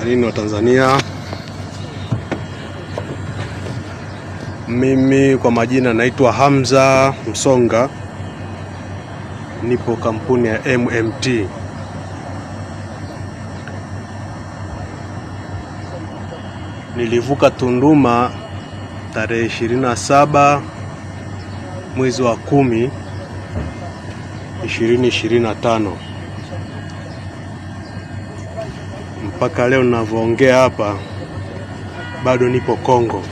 Baharini wa Tanzania, mimi kwa majina naitwa Hamza Msonga, nipo kampuni ya MMT. Nilivuka Tunduma tarehe 27 mwezi wa 10 2025 mpaka leo ninavyoongea hapa bado nipo Kongo,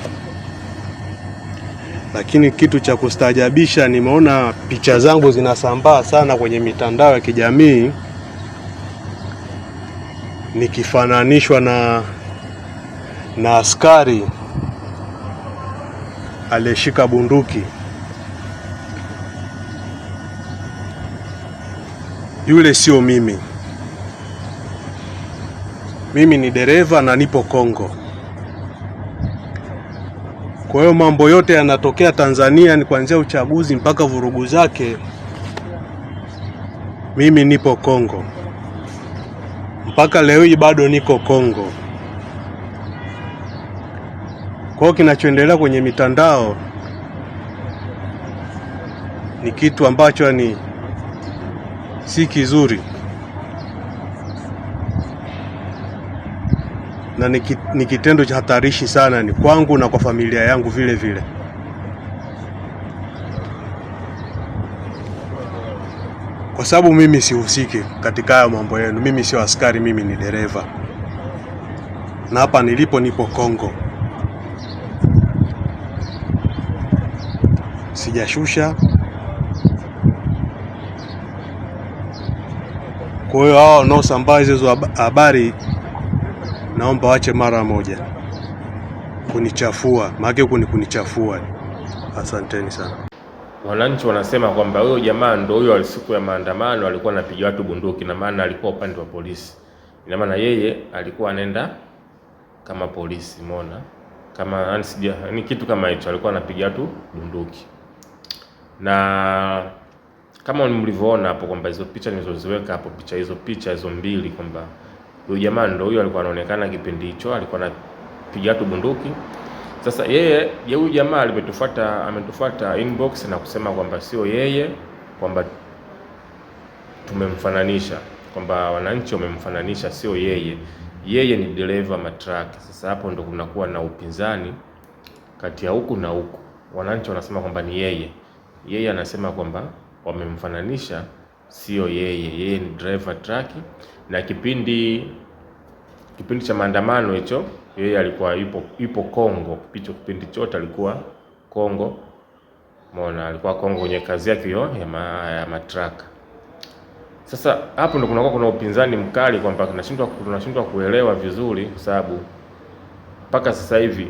lakini kitu cha kustaajabisha, nimeona picha zangu zinasambaa sana kwenye mitandao ya kijamii nikifananishwa na, na askari aliyeshika bunduki. Yule sio mimi. Mimi ni dereva na nipo Kongo. Kwa hiyo mambo yote yanatokea Tanzania, ni kuanzia uchaguzi mpaka vurugu zake. Mimi nipo Kongo mpaka leo hii, bado niko Kongo. Kwa hiyo kinachoendelea kwenye mitandao ni kitu ambacho ni si kizuri. na ni kitendo cha hatarishi sana, ni kwangu na kwa familia yangu vile vile. Kwa sababu mimi sihusiki katika hayo mambo yenu. Mimi sio askari, mimi ni dereva, na hapa nilipo nipo Kongo. Sijashusha. Kwa hiyo hao wanaosambaza hizo habari naomba wache mara moja kunichafua, maana huku kunichafua. Asanteni sana. Wananchi wanasema kwamba huyo jamaa ndio huyo siku ya maandamano alikuwa anapiga watu bunduki, na maana alikuwa upande wa polisi, ina maana yeye alikuwa anaenda kama polisi, umeona kama ansidia, ni kitu kama hicho, alikuwa anapiga watu bunduki na kama mlivyoona hapo kwamba hizo picha nilizoziweka hapo, picha hizo picha hizo mbili kwamba Huyu jamaa ndio huyo alikuwa anaonekana kipindi hicho, alikuwa anapiga tu bunduki. Sasa yeye ye huyu jamaa alimetufuata ametufuata inbox na kusema kwamba sio yeye, kwamba tumemfananisha, kwamba wananchi wamemfananisha, sio yeye, yeye ni dereva matraki. Sasa hapo ndo kunakuwa na upinzani kati ya huku na huku. Wananchi wanasema kwamba ni yeye, yeye anasema kwamba wamemfananisha sio yeye, yeye ni driver truck. Na kipindi kipindi cha maandamano hicho, yeye alikuwa yupo yupo Kongo, picho kipindi chote alikuwa Kongo. Umeona, alikuwa Kongo kwenye kazi yake hiyo ya ma, ya matraka. Sasa hapo ndo kunakuwa kuna upinzani mkali kwamba tunashindwa tunashindwa kuelewa vizuri, kwa sababu mpaka sasa hivi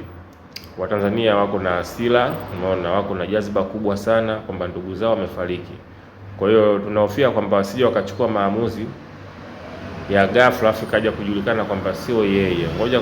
Watanzania wako na hasira, umeona, wako na jaziba kubwa sana kwamba ndugu zao wamefariki. Kwa hiyo tunahofia kwamba wasije wakachukua maamuzi ya ghafla afu ikaja kujulikana kwamba sio yeye. Ngoja